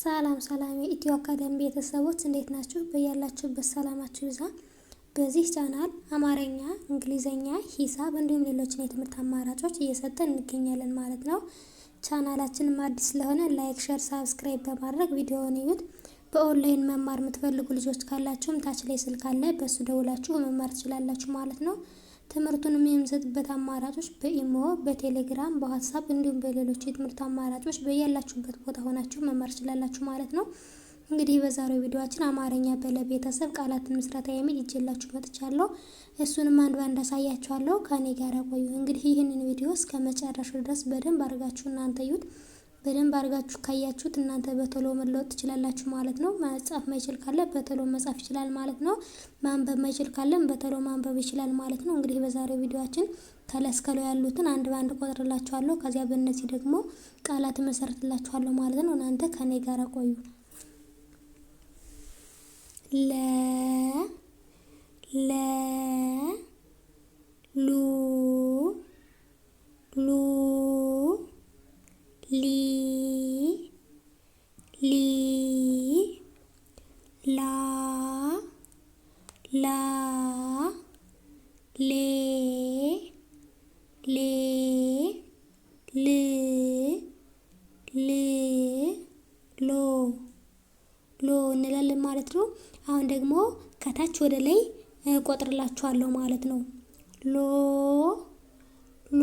ሰላም ሰላም የኢትዮ አካዳሚ ቤተሰቦች እንዴት ናችሁ? በያላችሁበት ሰላማችሁ ይዛ። በዚህ ቻናል አማርኛ፣ እንግሊዘኛ፣ ሂሳብ እንዲሁም ሌሎችን የትምህርት አማራጮች እየሰጠን እንገኛለን ማለት ነው። ቻናላችንም አዲስ ስለሆነ ላይክ፣ ሸር፣ ሳብስክራይብ በማድረግ ቪዲዮውን እዩት። በኦንላይን መማር የምትፈልጉ ልጆች ካላችሁም ታች ላይ ስልክ አለ፣ በሱ ደውላችሁ መማር ትችላላችሁ ማለት ነው። ትምህርቱን የምንሰጥበት አማራጮች በኢሞ፣ በቴሌግራም፣ በዋትሳፕ እንዲሁም በሌሎች የትምህርት አማራጮች በያላችሁበት ቦታ ሆናችሁ መማር ችላላችሁ ማለት ነው። እንግዲህ በዛሬው ቪዲዮችን አማርኛ በለ ቤተሰብ ቃላት ምስረታ የሚል ይዤላችሁ መጥቻለሁ። እሱንም አንድ ባንድ አሳያችኋለሁ። ከኔ ጋር ቆዩ። እንግዲህ ይህንን ቪዲዮ እስከ መጨረሻው ድረስ በደንብ አድርጋችሁ እናንተ በደንብ አድርጋችሁ ካያችሁት እናንተ በቶሎ መለወጥ ትችላላችሁ ማለት ነው። መጻፍ ማይችል ካለ በቶሎ መጻፍ ይችላል ማለት ነው። ማንበብ ማይችል ካለም በቶሎ ማንበብ ይችላል ማለት ነው። እንግዲህ በዛሬው ቪዲዮአችን ከለስከሎ ያሉትን አንድ በአንድ ቆጥርላችኋለሁ። ከዚያ በእነዚህ ደግሞ ቃላት መሰረትላችኋለሁ ማለት ነው። እናንተ ከኔ ጋር ቆዩ። ለ ለ ሉ ከታች ወደ ላይ ቆጥርላችኋለሁ ማለት ነው ሎ ሎ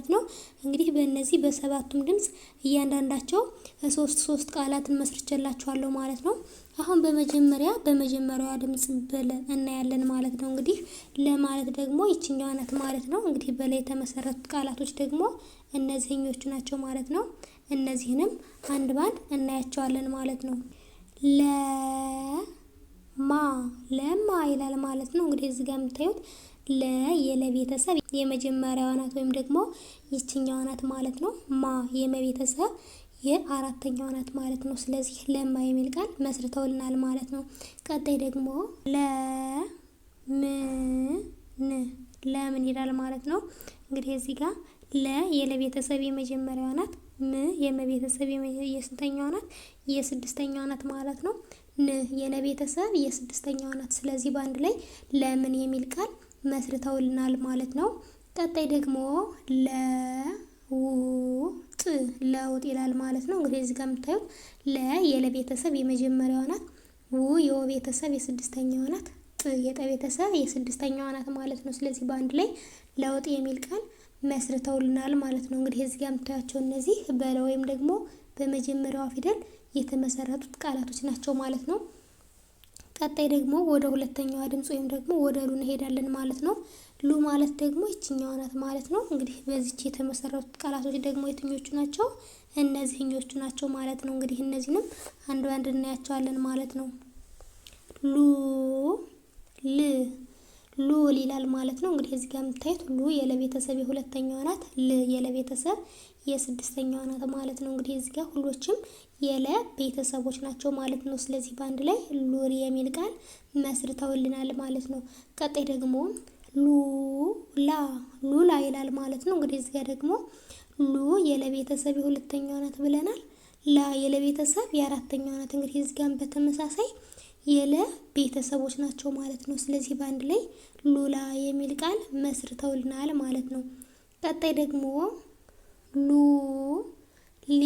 ማለት ነው። እንግዲህ በእነዚህ በሰባቱም ድምፅ እያንዳንዳቸው ሶስት ሶስት ቃላትን መስርቼላችኋለሁ ማለት ነው። አሁን በመጀመሪያ በመጀመሪያዋ ድምፅ በለ እናያለን ማለት ነው። እንግዲህ ለማለት ደግሞ ይችኛዋ ናት ማለት ነው። እንግዲህ በለ የተመሰረቱት ቃላቶች ደግሞ እነዚህኞቹ ናቸው ማለት ነው። እነዚህንም አንድ ባንድ እናያቸዋለን ማለት ነው። ለማ ለማ ይላል ማለት ነው። እንግዲህ እዚህ ጋር የምታዩት ለ የለቤተሰብ የመጀመሪያዋ ናት ወይም ደግሞ ይችኛዋ ናት ማለት ነው። ማ የመቤተሰብ የአራተኛዋ ናት ማለት ነው። ስለዚህ ለማ የሚል ቃል መስርተውልናል ማለት ነው። ቀጣይ ደግሞ ለምን ለምን ይላል ማለት ነው። እንግዲህ እዚህ ጋር ለ የለቤተሰብ የመጀመሪያዋ ናት። ም የመቤተሰብ የስንተኛዋ ናት? የስድስተኛዋ ናት ማለት ነው። ን የለቤተሰብ የስድስተኛዋ ናት። ስለዚህ በአንድ ላይ ለምን የሚል ቃል መስርተውልናል ማለት ነው። ቀጣይ ደግሞ ለውጥ ለውጥ ይላል ማለት ነው። እንግዲህ እዚህ ጋር የምታዩት ለ የመጀመሪያው ቤተሰብ ናት። ው የወ ቤተሰብ የስድስተኛዋ ናት። ጥ የጠ ቤተሰብ ናት ማለት ነው። ስለዚህ በአንድ ላይ ለውጥ የሚል ቃል መስርተውልናል ማለት ነው። እንግዲህ እዚህ ጋር የምታያቸው እነዚህ በለ ወይም ደግሞ በመጀመሪያዋ ፊደል የተመሰረቱት ቃላቶች ናቸው ማለት ነው። ቀጣይ ደግሞ ወደ ሁለተኛዋ ድምፅ ወይም ደግሞ ወደ ሉ እንሄዳለን ማለት ነው። ሉ ማለት ደግሞ ይችኛዋ ናት ማለት ነው። እንግዲህ በዚች የተመሰረቱት ቃላቶች ደግሞ የትኞቹ ናቸው? እነዚህኞቹ ናቸው ማለት ነው። እንግዲህ እነዚህንም አንድ አንድ እናያቸዋለን ማለት ነው። ሉ ል ሉል ይላል ማለት ነው። እንግዲህ እዚህ ጋር የምታዩት ሉ የለቤተሰብ የሁለተኛዋ ናት። ል የለቤተሰብ የስድስተኛዋ ናት ማለት ነው። እንግዲህ እዚህ ጋር ሁሎችም የለ ቤተሰቦች ናቸው ማለት ነው። ስለዚህ በአንድ ላይ ሉር የሚል ቃል መስርተውልናል ማለት ነው። ቀጣይ ደግሞ ሉላ ሉላ ይላል ማለት ነው። እንግዲህ እዚያ ደግሞ ሉ የለቤተሰብ የሁለተኛው ናት ብለናል። ላ የለቤተሰብ የአራተኛው ናት። እንግዲህ እዚጋም በተመሳሳይ የለ ቤተሰቦች ናቸው ማለት ነው። ስለዚህ በአንድ ላይ ሉላ የሚል ቃል መስርተውልናል ማለት ነው። ቀጣይ ደግሞ ሉ ሊ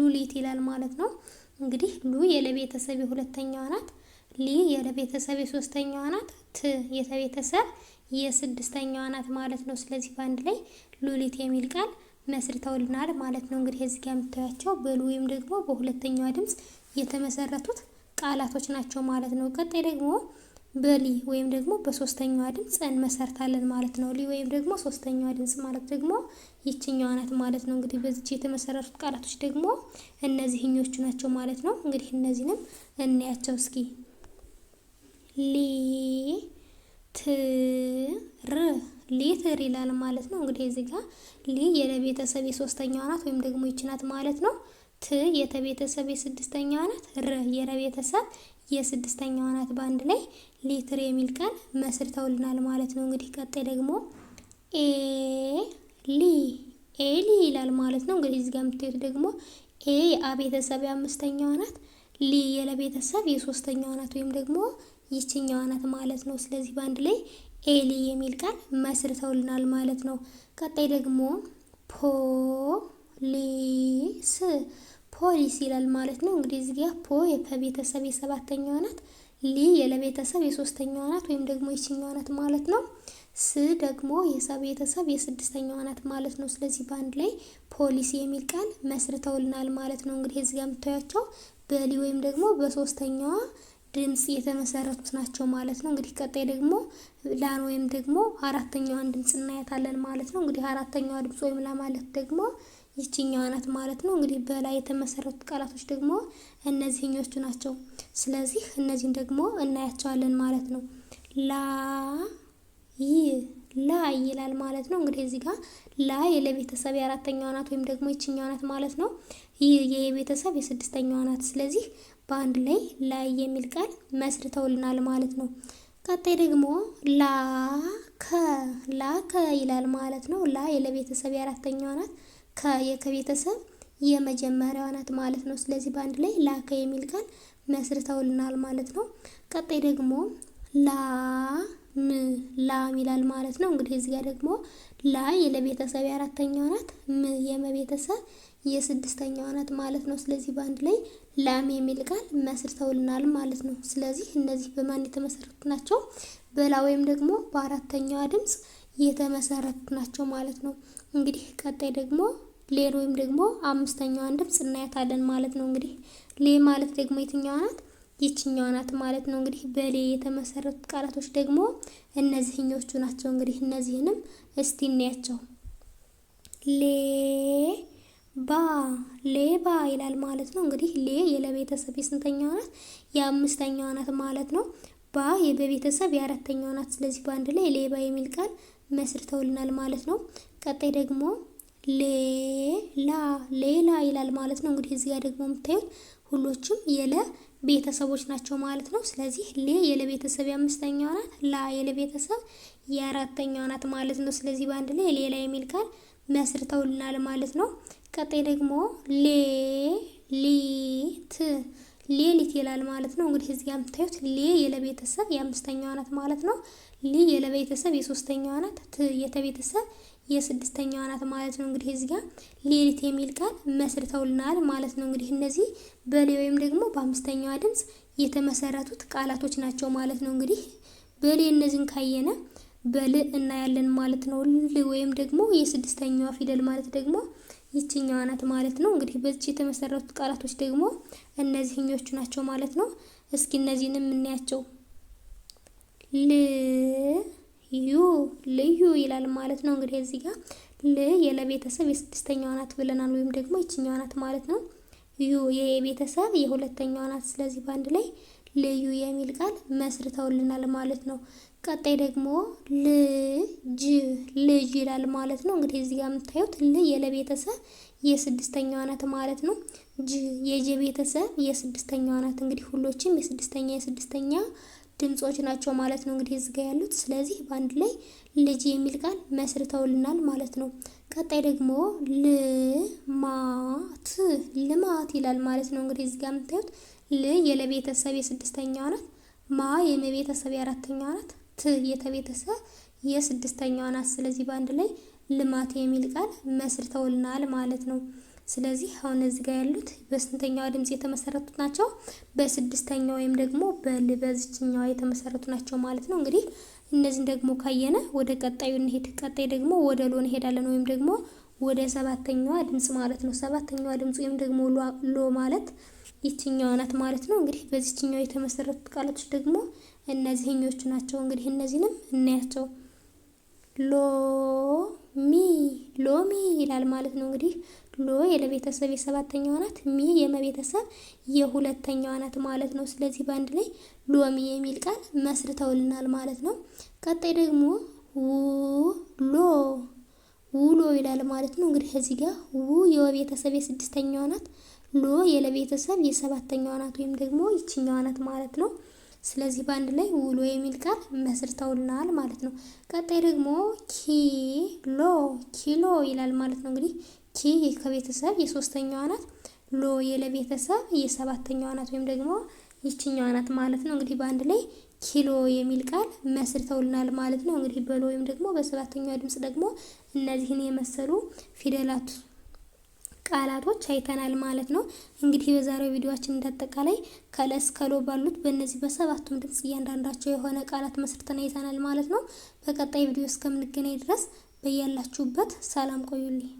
ሉሊት ይላል ማለት ነው። እንግዲህ ሉ የለቤተሰብ የሁለተኛዋ ናት። ሊ የለቤተሰብ የሶስተኛዋ ናት። ት የተቤተሰብ የስድስተኛዋ ናት ማለት ነው። ስለዚህ በአንድ ላይ ሉሊት የሚል ቃል መስርተውልናል ማለት ነው። እንግዲህ እዚህ ጋር የምታያቸው በሉ ወይም ደግሞ በሁለተኛዋ ድምፅ የተመሰረቱት ቃላቶች ናቸው ማለት ነው። ቀጣይ ደግሞ በሊ ወይም ደግሞ በሶስተኛዋ ድምፅ እንመሰርታለን ማለት ነው። ሊ ወይም ደግሞ ሶስተኛዋ ድምፅ ማለት ደግሞ ይችኛዋ ናት ማለት ነው። እንግዲህ በዚች የተመሰረቱት ቃላቶች ደግሞ እነዚህኞቹ ናቸው ማለት ነው። እንግዲህ እነዚህንም እናያቸው እስኪ ሊ ት ር ይላል ማለት ነው። እንግዲህ እዚህ ጋር ሊ የለቤተሰብ የሶስተኛዋ ናት ወይም ደግሞ ይችናት ማለት ነው። ት የተቤተሰብ የስድስተኛዋ ናት። ር የረቤተሰብ የስድስተኛዋ ናት። በአንድ ላይ ሊትር የሚል ቃል መስርተውልናል ማለት ነው። እንግዲህ ቀጣይ ደግሞ ኤ ሊ ኤሊ ይላል ማለት ነው። እንግዲህ እዚህ ጋር የምታዩት ደግሞ ኤ የአ ቤተሰብ የአምስተኛዋ ናት። ሊ የለቤተሰብ የሶስተኛው ናት ወይም ደግሞ ይችኛዋ ናት ማለት ነው። ስለዚህ በአንድ ላይ ኤሊ የሚል ቃል መስርተውልናል ማለት ነው። ቀጣይ ደግሞ ፖ ሊስ ፖሊስ ይላል ማለት ነው። እንግዲህ እዚህ ጋር ፖ የፈቤተሰብ የሰባተኛዋ ናት፣ ሊ የለቤተሰብ የሶስተኛዋ ናት ወይም ደግሞ የችኛዋ ናት ማለት ነው። ስ ደግሞ የሰቤተሰብ የስድስተኛዋ ናት ማለት ነው። ስለዚህ በአንድ ላይ ፖሊስ የሚል ቃል መስርተውልናል ማለት ነው። እንግዲህ እዚህ ጋር የምታያቸው በሊ ወይም ደግሞ በሶስተኛዋ ድምጽ የተመሰረቱት ናቸው ማለት ነው። እንግዲህ ቀጣይ ደግሞ ላን ወይም ደግሞ አራተኛዋን ድምጽ እናያታለን ማለት ነው። እንግዲህ አራተኛዋ ድምጽ ወይም ላ ማለት ደግሞ ይችኛዋ ናት ማለት ነው። እንግዲህ በላይ የተመሰረቱት ቃላቶች ደግሞ እነዚህኞቹ ናቸው። ስለዚህ እነዚህን ደግሞ እናያቸዋለን ማለት ነው። ላ ይ ላ ይላል ማለት ነው። እንግዲህ እዚህ ጋር ላ የለቤተሰብ የአራተኛዋ ናት ወይም ደግሞ ይችኛዋ ናት ማለት ነው። ይህ የቤተሰብ የስድስተኛዋ ናት። ስለዚህ በአንድ ላይ ላይ የሚል ቃል መስርተውልናል ማለት ነው። ቀጣይ ደግሞ ላከ ላከ ይላል ማለት ነው። ላ የለቤተሰብ የአራተኛዋ ናት። ከቤተሰብ የመጀመሪያዋ ናት ማለት ነው። ስለዚህ በአንድ ላይ ላከ የሚል ቃል መስርተውልናል ማለት ነው። ቀጣይ ደግሞ ላም ላም ይላል ማለት ነው። እንግዲህ እዚህ ጋር ደግሞ ላ የለቤተሰብ የአራተኛው ናት፣ ም የመቤተሰብ የስድስተኛው ናት ማለት ነው። ስለዚህ በአንድ ላይ ላም የሚል ቃል መስርተውልናል ማለት ነው። ስለዚህ እነዚህ በማን የተመሰረቱ ናቸው? በላ ወይም ደግሞ በአራተኛዋ ድምፅ የተመሰረቱ ናቸው ማለት ነው። እንግዲህ ቀጣይ ደግሞ ሌን ወይም ደግሞ አምስተኛዋን ድምፅ እናያታለን ማለት ነው። እንግዲህ ሌ ማለት ደግሞ የትኛዋ ናት? ይችኛዋ ናት ማለት ነው። እንግዲህ በሌ የተመሰረቱት ቃላቶች ደግሞ እነዚህኞቹ ናቸው። እንግዲህ እነዚህንም እስቲ እናያቸው። ሌ ባ ሌባ ይላል ማለት ነው። እንግዲህ ሌ የለቤተሰብ የስንተኛዋ ናት? የአምስተኛዋ ናት ማለት ነው። ባ የበቤተሰብ የአራተኛዋ ናት። ስለዚህ በአንድ ላይ ሌባ የሚል ቃል መስርተውልናል ማለት ነው። ቀጣይ ደግሞ ሌላ ሌላ ይላል ማለት ነው። እንግዲህ እዚህ ጋር ደግሞ የምታዩት ሁሎችም የለ ቤተሰቦች ናቸው ማለት ነው። ስለዚህ ሌ የለ ቤተሰብ የአምስተኛዋ ናት፣ ላ የለ ቤተሰብ የአራተኛዋ ናት ማለት ነው። ስለዚህ በአንድ ላይ ሌላ የሚል ቃል መስርተውልናል ማለት ነው። ቀጣይ ደግሞ ሌ ሊት ሌሊት ይላል ማለት ነው። እንግዲህ እዚህ ጋር የምታዩት ሌ የለ ቤተሰብ የአምስተኛዋ ናት ማለት ነው። ሊ የለ ቤተሰብ የሶስተኛው ናት። ት የተ ቤተሰብ የስድስተኛዋ ናት ማለት ነው። እንግዲህ እዚህ ጋር ሌሊት የሚል ቃል መስርተውልናል ማለት ነው። እንግዲህ እነዚህ በሌ ወይም ደግሞ በአምስተኛዋ ድምፅ የተመሰረቱት ቃላቶች ናቸው ማለት ነው። እንግዲህ በሌ እነዚህን ካየነ በል እናያለን ማለት ነው። ል ወይም ደግሞ የስድስተኛዋ ፊደል ማለት ደግሞ ይችኛዋ ናት ማለት ነው። እንግዲህ በዚች የተመሰረቱት ቃላቶች ደግሞ እነዚህኞቹ ናቸው ማለት ነው። እስኪ እነዚህንም እናያቸው ል ዩ ልዩ ይላል ማለት ነው። እንግዲህ እዚህ ጋር ል የለቤተሰብ የስድስተኛዋ ናት ብለናል፣ ወይም ደግሞ ይችኛዋ ናት ማለት ነው። ዩ የቤተሰብ የሁለተኛዋ ናት። ስለዚህ በአንድ ላይ ልዩ የሚል ቃል መስርተውልናል ማለት ነው። ቀጣይ ደግሞ ልጅ ልጅ ይላል ማለት ነው። እንግዲህ እዚህ ጋር የምታዩት ል የለቤተሰብ የስድስተኛዋ ናት ማለት ነው። ጅ የጀ ቤተሰብ የስድስተኛዋ ናት። እንግዲህ ሁሎችም የስድስተኛ የስድስተኛ ድምጾች ናቸው ማለት ነው እንግዲህ እዚህ ያሉት። ስለዚህ በአንድ ላይ ልጅ የሚል ቃል መስርተውልናል ማለት ነው። ቀጣይ ደግሞ ልማት ልማት ይላል ማለት ነው እንግዲህ እዚህ ጋ የምታዩት ል የለቤተሰብ የስድስተኛዋ ናት። ማ የመቤተሰብ የአራተኛዋ ናት። ት የተቤተሰብ የስድስተኛዋ ናት። ስለዚህ በአንድ ላይ ልማት የሚል ቃል መስርተውልናል ማለት ነው። ስለዚህ አሁን እዚህ ጋር ያሉት በስንተኛዋ ድምፅ የተመሰረቱት ናቸው? በስድስተኛ ወይም ደግሞ በልበዝችኛዋ የተመሰረቱ ናቸው ማለት ነው። እንግዲህ እነዚህን ደግሞ ካየነ ወደ ቀጣዩ እንሄድ። ቀጣይ ደግሞ ወደ ሎ እንሄዳለን ወይም ደግሞ ወደ ሰባተኛዋ ድምጽ ማለት ነው። ሰባተኛዋ ድምፅ ወይም ደግሞ ሎ ማለት ይችኛዋ ናት ማለት ነው። እንግዲህ በዚችኛዋ የተመሰረቱት ቃላቶች ደግሞ እነዚህኞቹ ናቸው። እንግዲህ እነዚህንም እናያቸው። ሎሚ ሎሚ ይላል ማለት ነው። እንግዲህ ሎ የለቤተሰብ የሰባተኛዋ ናት፣ ሚ የመቤተሰብ የሁለተኛዋ ናት ማለት ነው። ስለዚህ በአንድ ላይ ሎሚ የሚል ቃል መስርተውልናል ማለት ነው። ቀጣይ ደግሞ ውሎ ውሎ ይላል ማለት ነው። እንግዲህ እዚህ ጋር ው የወቤተሰብ የስድስተኛዋ ናት፣ ሎ የለቤተሰብ የሰባተኛዋ ናት ወይም ደግሞ ይችኛዋ ናት ማለት ነው። ስለዚህ በአንድ ላይ ውሎ የሚል ቃል መስርተውልናል ማለት ነው። ቀጣይ ደግሞ ኪሎ ኪሎ ይላል ማለት ነው። እንግዲህ ኪ ከቤተሰብ የሶስተኛዋ ናት፣ ሎ የለቤተሰብ የሰባተኛዋ ናት ወይም ደግሞ ይችኛዋ ናት ማለት ነው። እንግዲህ በአንድ ላይ ኪሎ የሚል ቃል መስርተውልናል ማለት ነው። እንግዲህ በሎ ወይም ደግሞ በሰባተኛዋ ድምጽ ደግሞ እነዚህን የመሰሉ ፊደላት ቃላቶች አይተናል ማለት ነው። እንግዲህ በዛሬው ቪዲዮችን እንዳጠቃላይ ከለስ ከሎ ባሉት በእነዚህ በሰባቱም ድምፅ እያንዳንዳቸው የሆነ ቃላት መስርተን አይተናል ማለት ነው። በቀጣይ ቪዲዮ እስከምንገናኝ ድረስ በያላችሁበት ሰላም ቆዩልኝ።